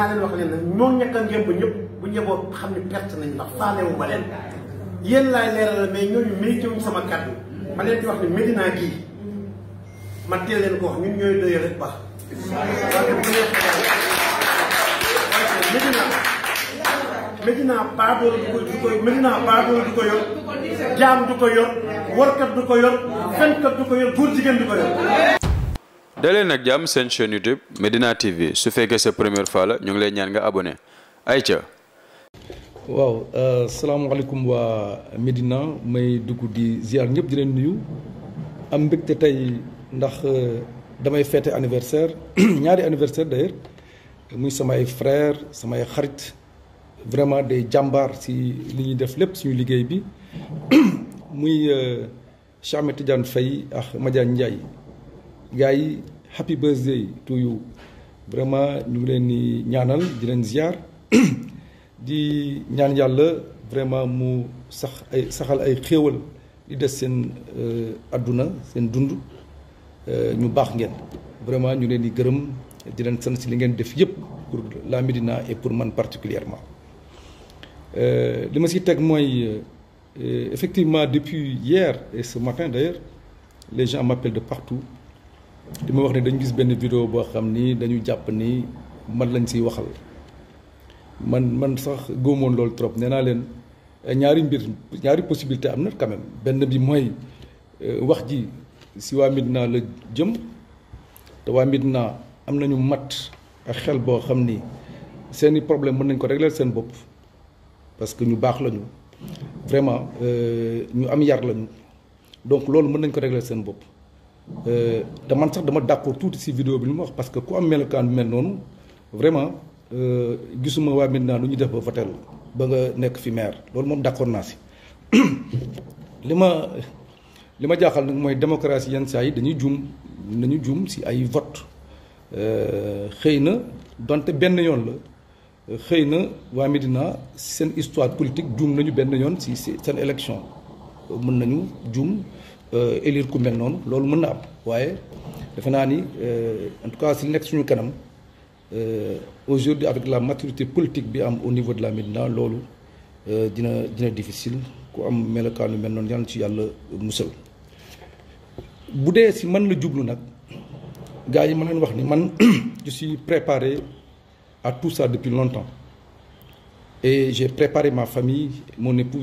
naa leen wax a ngémb ñëpp bu ñëboo xam ne perte nañ ndax faalewu ma leen yéen laay leeral ma leen di wax ne Médina gii ma teel ko wax ñun ñooy doyee du ko du ko du ko yor jaam du ko yor warkat du ko yor fenkat du ko yor góor jigéen du ko yor daleen nag jàmm seen chaîne YouTube Medina TV su fekkee sa première fois la ñu ngi lay ñaan nga ay ca waaw euh, salaamaaleykum waa Medina may dugg di ziar ñëpp di leen nuyu am mbégte tey ndax euh, damay fête anniversaire ñaari anniversaire d'ailleurs muy samay frère samay xarit vraiment day jàmbaar si li ñuy def lépp suñu liggéey bi muy euh, Cheikh Ahmed Tidiane Faye ak Madiane Ndiaye happy birthday to you vraiment ñu leen di ñaanal di leen ziar di ñaan yàlla vraiment mu sax ay saxal ay xéewal di des seen euh, adduna seen dund euh, ñu baax ngeen vraiment ñu leen di gërëm di leen sant si li ngeen def yëpp pour la Médina et pour man particulièrement euh, li ma si teg mooy effectivement depuis hier et ce matin d'ailleurs les gens m'appellent de partout li ma wax ne dañu gis benn video boo xam ni dañu jàpp ni man lañ siy waxal man man sax góomoon loolu trop nee naa leen ñaari mbir ñaari possibilité am na quand benn bi mooy euh, wax ji si waa Médina la jëm te waa Médina am nañu matt ak xel boo xam ni seeni problème mën nañ ko régler seen bopp parce que ñu baax lañu vraiment euh, ñu am yar lañu donc loolu mën nañ ko régler seen bopp. Euh, te man sax dama d'accord tuuti si vidéo bi lu ma wax parce que ku am melokaan bi mel noonu vraiment euh, gisuma waa Médina lu ñu def ba voté ba nga nekk fi maire loolu moom d'accord naa si li ma li ma jàqal nag mooy démocratie yenn saa yi dañuy jum nañu jum si ay vote euh, xëy na donte benn yoon la xëy na waa Médina seen histoire politique juum nañu benn yoon si seen élection mën nañu jum Euh, élire ku mel noonu loolu mën na am waaye defe naa ni euh, en tout cas si nekk suñu kanam euh, aujourd'hui avec la maturité politique bi am au niveau de la Médina loolu dina dina difficile ku am melokaan yu mel noonu yàlla ci yàlla musal. bu dee si man la jublu nag gars yi ma leen wax ni man je préparé à tout ça depuis longtemps et j'ai préparé ma famille mon épouse